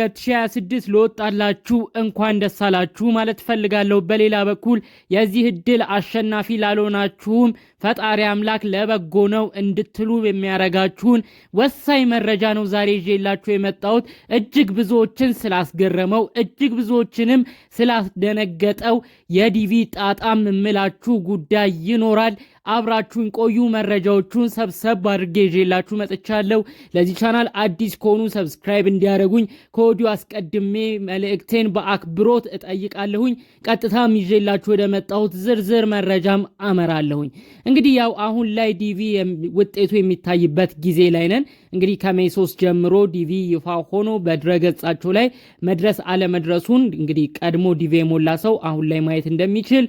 2026 ለወጣላችሁ እንኳን ደስ አላችሁ ማለት ፈልጋለሁ በሌላ በኩል የዚህ እድል አሸናፊ ላልሆናችሁም ፈጣሪ አምላክ ለበጎ ነው እንድትሉ የሚያረጋችሁን ወሳኝ መረጃ ነው ዛሬ ይዤላችሁ የመጣሁት። እጅግ ብዙዎችን ስላስገረመው እጅግ ብዙዎችንም ስላስደነገጠው የዲቪ ጣጣም እምላችሁ ጉዳይ ይኖራል። አብራችሁን ቆዩ። መረጃዎቹን ሰብሰብ አድርጌ ይዤላችሁ መጥቻለሁ። ለዚህ ቻናል አዲስ ከሆኑ ሰብስክራይብ እንዲያደርጉኝ ከወዲሁ አስቀድሜ መልእክቴን በአክብሮት እጠይቃለሁኝ። ቀጥታም ይዤላችሁ ወደ መጣሁት ዝርዝር መረጃም አመራለሁኝ። እንግዲህ ያው አሁን ላይ ዲቪ ውጤቱ የሚታይበት ጊዜ ላይ ነን። እንግዲህ ከሜይ 3 ጀምሮ ዲቪ ይፋ ሆኖ በድረገጻቸው ላይ መድረስ አለመድረሱን እንግዲህ ቀድሞ ዲቪ የሞላ ሰው አሁን ላይ ማየት እንደሚችል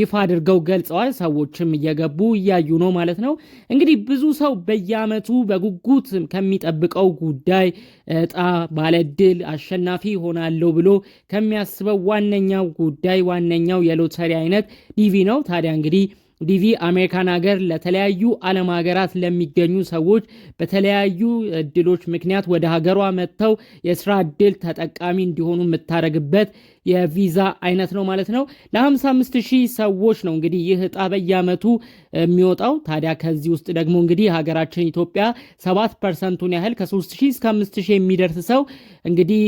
ይፋ አድርገው ገልጸዋል። ሰዎችም እየገቡ እያዩ ነው ማለት ነው። እንግዲህ ብዙ ሰው በየአመቱ በጉጉት ከሚጠብቀው ጉዳይ እጣ ባለድል አሸናፊ ሆናለሁ ብሎ ከሚያስበው ዋነኛው ጉዳይ ዋነኛው የሎተሪ አይነት ዲቪ ነው። ታዲያ እንግዲህ ዲቪ አሜሪካን ሀገር ለተለያዩ ዓለም ሀገራት ለሚገኙ ሰዎች በተለያዩ እድሎች ምክንያት ወደ ሀገሯ መጥተው የስራ እድል ተጠቃሚ እንዲሆኑ የምታደረግበት የቪዛ አይነት ነው ማለት ነው። ለ55 ሺህ ሰዎች ነው እንግዲህ ይህ እጣ በየአመቱ የሚወጣው። ታዲያ ከዚህ ውስጥ ደግሞ እንግዲህ ሀገራችን ኢትዮጵያ 7 ፐርሰንቱን ያህል ከ3 ሺህ እስከ 5 ሺህ የሚደርስ ሰው እንግዲህ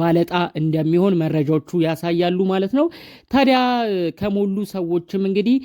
ባለጣ እንደሚሆን መረጃዎቹ ያሳያሉ ማለት ነው። ታዲያ ከሞሉ ሰዎችም እንግዲህ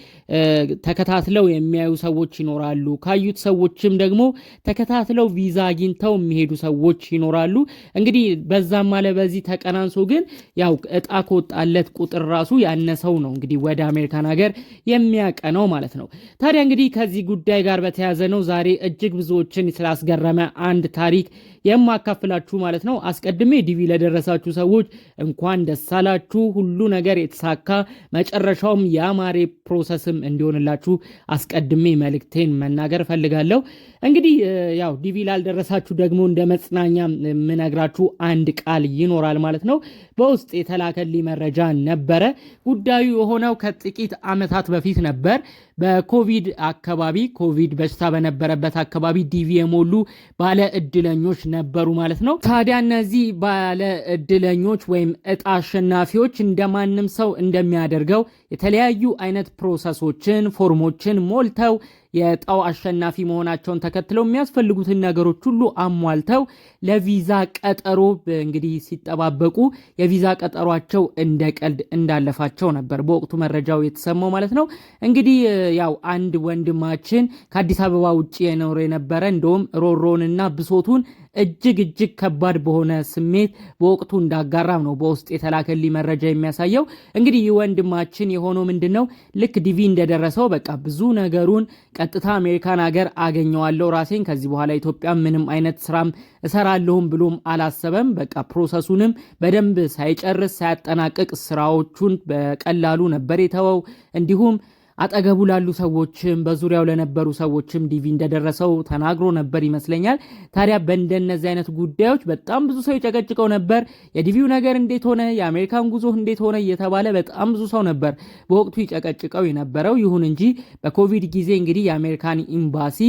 ተከታትለው የሚያዩ ሰዎች ይኖራሉ። ካዩት ሰዎችም ደግሞ ተከታትለው ቪዛ አግኝተው የሚሄዱ ሰዎች ይኖራሉ። እንግዲህ በዛም አለ በዚህ ተቀናንሶ ግን ያው እጣ ከወጣለት ቁጥር ራሱ ያነሰው ነው እንግዲህ ወደ አሜሪካን ሀገር የሚያቀነው ማለት ነው። ታዲያ እንግዲህ ከዚህ ጉዳይ ጋር በተያያዘ ነው ዛሬ እጅግ ብዙዎችን ስላስገረመ አንድ ታሪክ የማካፍላችሁ ማለት ነው። አስቀድሜ ዲቪ ለደረሳችሁ ሰዎች እንኳን ደስ አላችሁ። ሁሉ ነገር የተሳካ መጨረሻውም የአማሬ ፕሮሰስም እንዲሆንላችሁ አስቀድሜ መልክቴን መናገር እፈልጋለሁ። እንግዲህ ያው ዲቪ ላልደረሳችሁ ደግሞ እንደ መጽናኛ የምነግራችሁ አንድ ቃል ይኖራል ማለት ነው። በውስጥ የተላከ የሚያስጠሊ መረጃ ነበረ። ጉዳዩ የሆነው ከጥቂት ዓመታት በፊት ነበር። በኮቪድ አካባቢ ኮቪድ በሽታ በነበረበት አካባቢ ዲቪ የሞሉ ባለ እድለኞች ነበሩ ማለት ነው። ታዲያ እነዚህ ባለ እድለኞች ወይም እጣ አሸናፊዎች እንደማንም ሰው እንደሚያደርገው የተለያዩ አይነት ፕሮሰሶችን፣ ፎርሞችን ሞልተው የእጣው አሸናፊ መሆናቸውን ተከትለው የሚያስፈልጉትን ነገሮች ሁሉ አሟልተው ለቪዛ ቀጠሮ እንግዲህ ሲጠባበቁ የቪዛ ቀጠሯቸው እንደ ቀልድ እንዳለፋቸው ነበር በወቅቱ መረጃው የተሰማው ማለት ነው እንግዲህ ያው አንድ ወንድማችን ከአዲስ አበባ ውጭ የኖረ የነበረ እንደውም ሮሮንና ብሶቱን እጅግ እጅግ ከባድ በሆነ ስሜት በወቅቱ እንዳጋራም ነው በውስጥ የተላከልኝ መረጃ የሚያሳየው። እንግዲህ ይህ ወንድማችን የሆነው ምንድን ነው ልክ ዲቪ እንደደረሰው በቃ ብዙ ነገሩን ቀጥታ አሜሪካን ሀገር አገኘዋለሁ ራሴን ከዚህ በኋላ ኢትዮጵያ ምንም አይነት ስራም እሰራለሁም ብሎም አላሰበም። በቃ ፕሮሰሱንም በደንብ ሳይጨርስ ሳያጠናቅቅ ስራዎቹን በቀላሉ ነበር የተወው እንዲሁም አጠገቡ ላሉ ሰዎችም በዙሪያው ለነበሩ ሰዎችም ዲቪ እንደደረሰው ተናግሮ ነበር ይመስለኛል። ታዲያ በእንደነዚህ አይነት ጉዳዮች በጣም ብዙ ሰው ይጨቀጭቀው ነበር። የዲቪው ነገር እንዴት ሆነ፣ የአሜሪካን ጉዞ እንዴት ሆነ እየተባለ በጣም ብዙ ሰው ነበር በወቅቱ ይጨቀጭቀው የነበረው። ይሁን እንጂ በኮቪድ ጊዜ እንግዲህ የአሜሪካን ኤምባሲ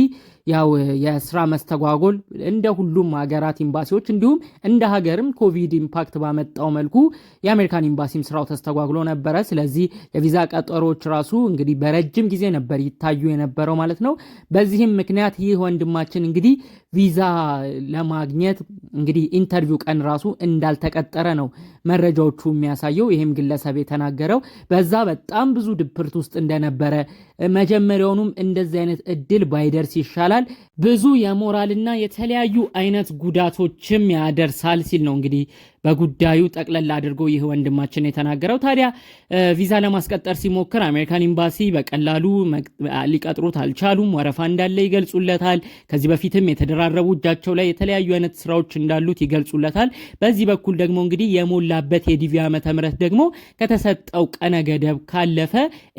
ያው የስራ መስተጓጎል እንደ ሁሉም ሀገራት ኤምባሲዎች እንዲሁም እንደ ሀገርም ኮቪድ ኢምፓክት ባመጣው መልኩ የአሜሪካን ኤምባሲም ስራው ተስተጓግሎ ነበረ። ስለዚህ የቪዛ ቀጠሮዎች ራሱ እንግዲህ በረጅም ጊዜ ነበር ይታዩ የነበረው ማለት ነው። በዚህም ምክንያት ይህ ወንድማችን እንግዲህ ቪዛ ለማግኘት እንግዲህ ኢንተርቪው ቀን ራሱ እንዳልተቀጠረ ነው መረጃዎቹ የሚያሳየው። ይህም ግለሰብ የተናገረው በዛ በጣም ብዙ ድብርት ውስጥ እንደነበረ መጀመሪያውኑም እንደዚህ አይነት እድል ባይደርስ ይሻላል፣ ብዙ የሞራልና የተለያዩ አይነት ጉዳቶችም ያደርሳል ሲል ነው እንግዲህ በጉዳዩ ጠቅለል አድርጎ ይህ ወንድማችን የተናገረው። ታዲያ ቪዛ ለማስቀጠር ሲሞክር አሜሪካን ኤምባሲ በቀላሉ ሊቀጥሩት አልቻሉም። ወረፋ እንዳለ ይገልጹለታል። ከዚህ በፊትም የተደራረቡ እጃቸው ላይ የተለያዩ አይነት ስራዎች እንዳሉት ይገልጹለታል። በዚህ በኩል ደግሞ እንግዲህ የሞላበት የዲቪ ዓመተ ምህረት ደግሞ ከተሰጠው ቀነ ገደብ ካለፈ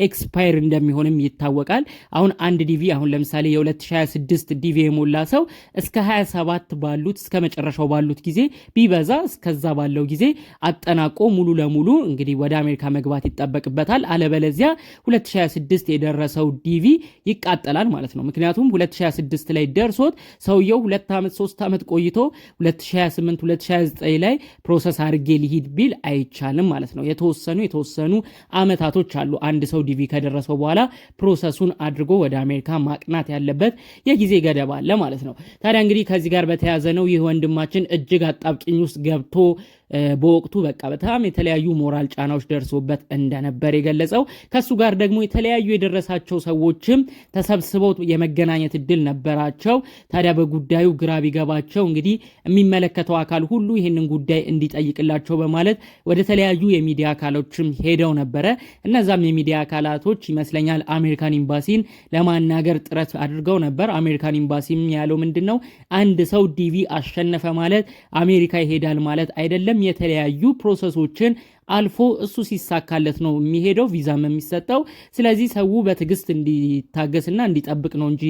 ኤክስፓየር እንደሚሆንም ይታወቃል። አሁን አንድ ዲቪ አሁን ለምሳሌ የ2026 ዲቪ የሞላ ሰው እስከ 27 ባሉት እስከ መጨረሻው ባሉት ጊዜ ቢበዛ እስከዛ ባለው ጊዜ አጠናቆ ሙሉ ለሙሉ እንግዲህ ወደ አሜሪካ መግባት ይጠበቅበታል። አለበለዚያ 2026 የደረሰው ዲቪ ይቃጠላል ማለት ነው። ምክንያቱም 2026 ላይ ደርሶት ሰውየው ሁለት ዓመት ሶስት ዓመት ቆይቶ 2028 2029 ላይ ፕሮሰስ አድርጌ ሊሂድ ቢል አይቻልም ማለት ነው። የተወሰኑ የተወሰኑ ዓመታቶች አሉ አንድ ሰው ዲቪ ከደረሰው በኋላ ፕሮሰሱን አድርጎ ወደ አሜሪካ ማቅናት ያለበት የጊዜ ገደብ አለ ማለት ነው። ታዲያ እንግዲህ ከዚህ ጋር በተያያዘ ነው ይህ ወንድማችን እጅግ አጣብቂኝ ውስጥ ገብቶ በወቅቱ በቃ በጣም የተለያዩ ሞራል ጫናዎች ደርሶበት እንደነበር የገለጸው ከሱ ጋር ደግሞ የተለያዩ የደረሳቸው ሰዎችም ተሰብስበው የመገናኘት እድል ነበራቸው። ታዲያ በጉዳዩ ግራ ቢገባቸው እንግዲህ የሚመለከተው አካል ሁሉ ይህንን ጉዳይ እንዲጠይቅላቸው በማለት ወደ ተለያዩ የሚዲያ አካሎችም ሄደው ነበረ። እነዛም የሚዲያ አካላቶች ይመስለኛል አሜሪካን ኤምባሲን ለማናገር ጥረት አድርገው ነበር። አሜሪካን ኤምባሲም ያለው ምንድን ነው አንድ ሰው ዲቪ አሸነፈ ማለት አሜሪካ ይሄዳል ማለት አይደለም አይደለም የተለያዩ ፕሮሰሶችን አልፎ እሱ ሲሳካለት ነው የሚሄደው ቪዛም የሚሰጠው። ስለዚህ ሰው በትዕግስት እንዲታገስና እንዲጠብቅ ነው እንጂ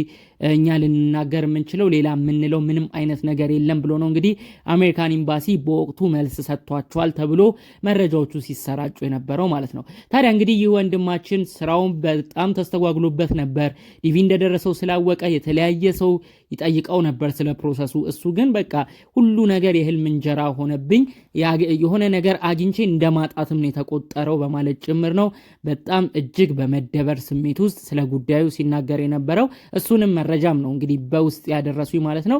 እኛ ልንናገር የምንችለው ሌላ የምንለው ምንም አይነት ነገር የለም ብሎ ነው እንግዲህ አሜሪካን ኤምባሲ በወቅቱ መልስ ሰጥቷቸዋል ተብሎ መረጃዎቹ ሲሰራጩ የነበረው ማለት ነው። ታዲያ እንግዲህ ይህ ወንድማችን ስራውን በጣም ተስተጓግሎበት ነበር። ዲቪ እንደደረሰው ስላወቀ የተለያየ ሰው ይጠይቀው ነበር ስለ ፕሮሰሱ። እሱ ግን በቃ ሁሉ ነገር የህልም እንጀራ ሆነብኝ የሆነ ነገር አግኝቼ እንደማ ማጣትም ነው የተቆጠረው በማለት ጭምር ነው በጣም እጅግ በመደበር ስሜት ውስጥ ስለ ጉዳዩ ሲናገር የነበረው። እሱንም መረጃም ነው እንግዲህ በውስጥ ያደረሱኝ ማለት ነው።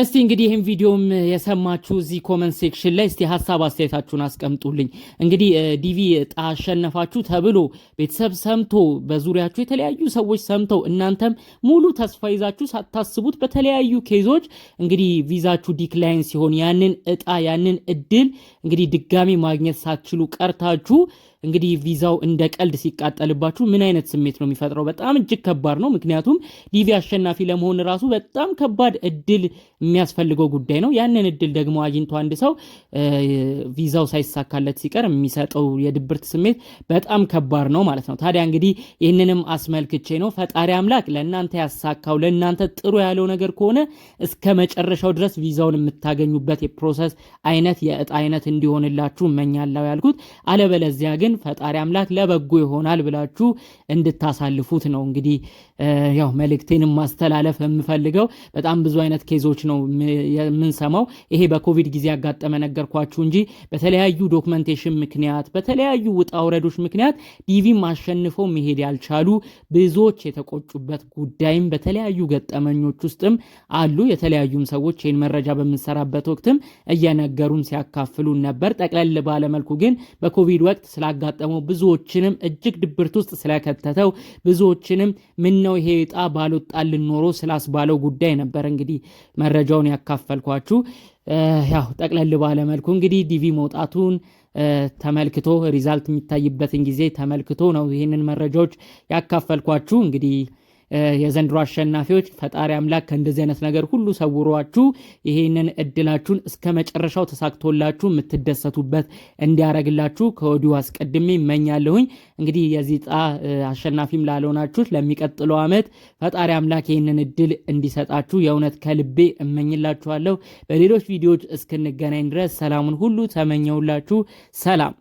እስቲ እንግዲህ ይህም ቪዲዮም የሰማችሁ እዚህ ኮመንት ሴክሽን ላይ እስቲ ሀሳብ አስተያየታችሁን አስቀምጡልኝ። እንግዲህ ዲቪ አሸነፋችሁ ተብሎ ቤተሰብ ሰምቶ በዙሪያችሁ የተለያዩ ሰዎች ሰምተው እናንተም ሙሉ ተስፋ ይዛችሁ ሳታስቡት በተለያዩ ኬዞች እንግዲህ ቪዛችሁ ዲክላይን ሲሆን ያንን እጣ ያንን እድል እንግዲህ ድጋሚ ማግኘት ሳትችሉ ቀርታችሁ እንግዲህ ቪዛው እንደ ቀልድ ሲቃጠልባችሁ ምን አይነት ስሜት ነው የሚፈጥረው? በጣም እጅግ ከባድ ነው። ምክንያቱም ዲቪ አሸናፊ ለመሆን ራሱ በጣም ከባድ እድል የሚያስፈልገው ጉዳይ ነው። ያንን እድል ደግሞ አግኝቶ አንድ ሰው ቪዛው ሳይሳካለት ሲቀር የሚሰጠው የድብርት ስሜት በጣም ከባድ ነው ማለት ነው። ታዲያ እንግዲህ ይህንንም አስመልክቼ ነው ፈጣሪ አምላክ ለእናንተ ያሳካው ለእናንተ ጥሩ ያለው ነገር ከሆነ እስከ መጨረሻው ድረስ ቪዛውን የምታገኙበት የፕሮሰስ አይነት የእጣ አይነት እንዲሆንላችሁ እመኛለሁ ያልኩት አለበለዚያ ግን ፈጣሪ አምላክ ለበጎ ይሆናል ብላችሁ እንድታሳልፉት ነው እንግዲህ ያው መልእክቴን ማስተላለፍ የምፈልገው። በጣም ብዙ አይነት ኬዞች ነው የምንሰማው። ይሄ በኮቪድ ጊዜ ያጋጠመ ነገርኳችሁ እንጂ በተለያዩ ዶክመንቴሽን ምክንያት በተለያዩ ውጣ ውረዶች ምክንያት ዲቪም አሸንፈው መሄድ ያልቻሉ ብዙዎች የተቆጩበት ጉዳይም በተለያዩ ገጠመኞች ውስጥም አሉ። የተለያዩም ሰዎች ይህን መረጃ በምንሰራበት ወቅትም እየነገሩን ሲያካፍሉን ነበር። ጠቅለል ባለመልኩ ግን በኮቪድ ወቅት ስላጋ ያጋጠመው ብዙዎችንም እጅግ ድብርት ውስጥ ስለከተተው ብዙዎችንም ምን ነው ይሄ ዕጣ ባልወጣልን ኖሮ ስላስባለው ጉዳይ ነበር እንግዲህ መረጃውን ያካፈልኳችሁ። ያው ጠቅለል ባለ መልኩ እንግዲህ ዲቪ መውጣቱን ተመልክቶ ሪዛልት የሚታይበትን ጊዜ ተመልክቶ ነው ይህንን መረጃዎች ያካፈልኳችሁ እንግዲህ የዘንድሮ አሸናፊዎች ፈጣሪ አምላክ ከእንደዚህ አይነት ነገር ሁሉ ሰውሯችሁ ይህንን እድላችሁን እስከ መጨረሻው ተሳክቶላችሁ የምትደሰቱበት እንዲያደረግላችሁ ከወዲሁ አስቀድሜ ይመኛለሁኝ። እንግዲህ የዚህ ዕጣ አሸናፊም ላልሆናችሁት ለሚቀጥለው ዓመት ፈጣሪ አምላክ ይህንን እድል እንዲሰጣችሁ የእውነት ከልቤ እመኝላችኋለሁ። በሌሎች ቪዲዮዎች እስክንገናኝ ድረስ ሰላሙን ሁሉ ተመኘውላችሁ። ሰላም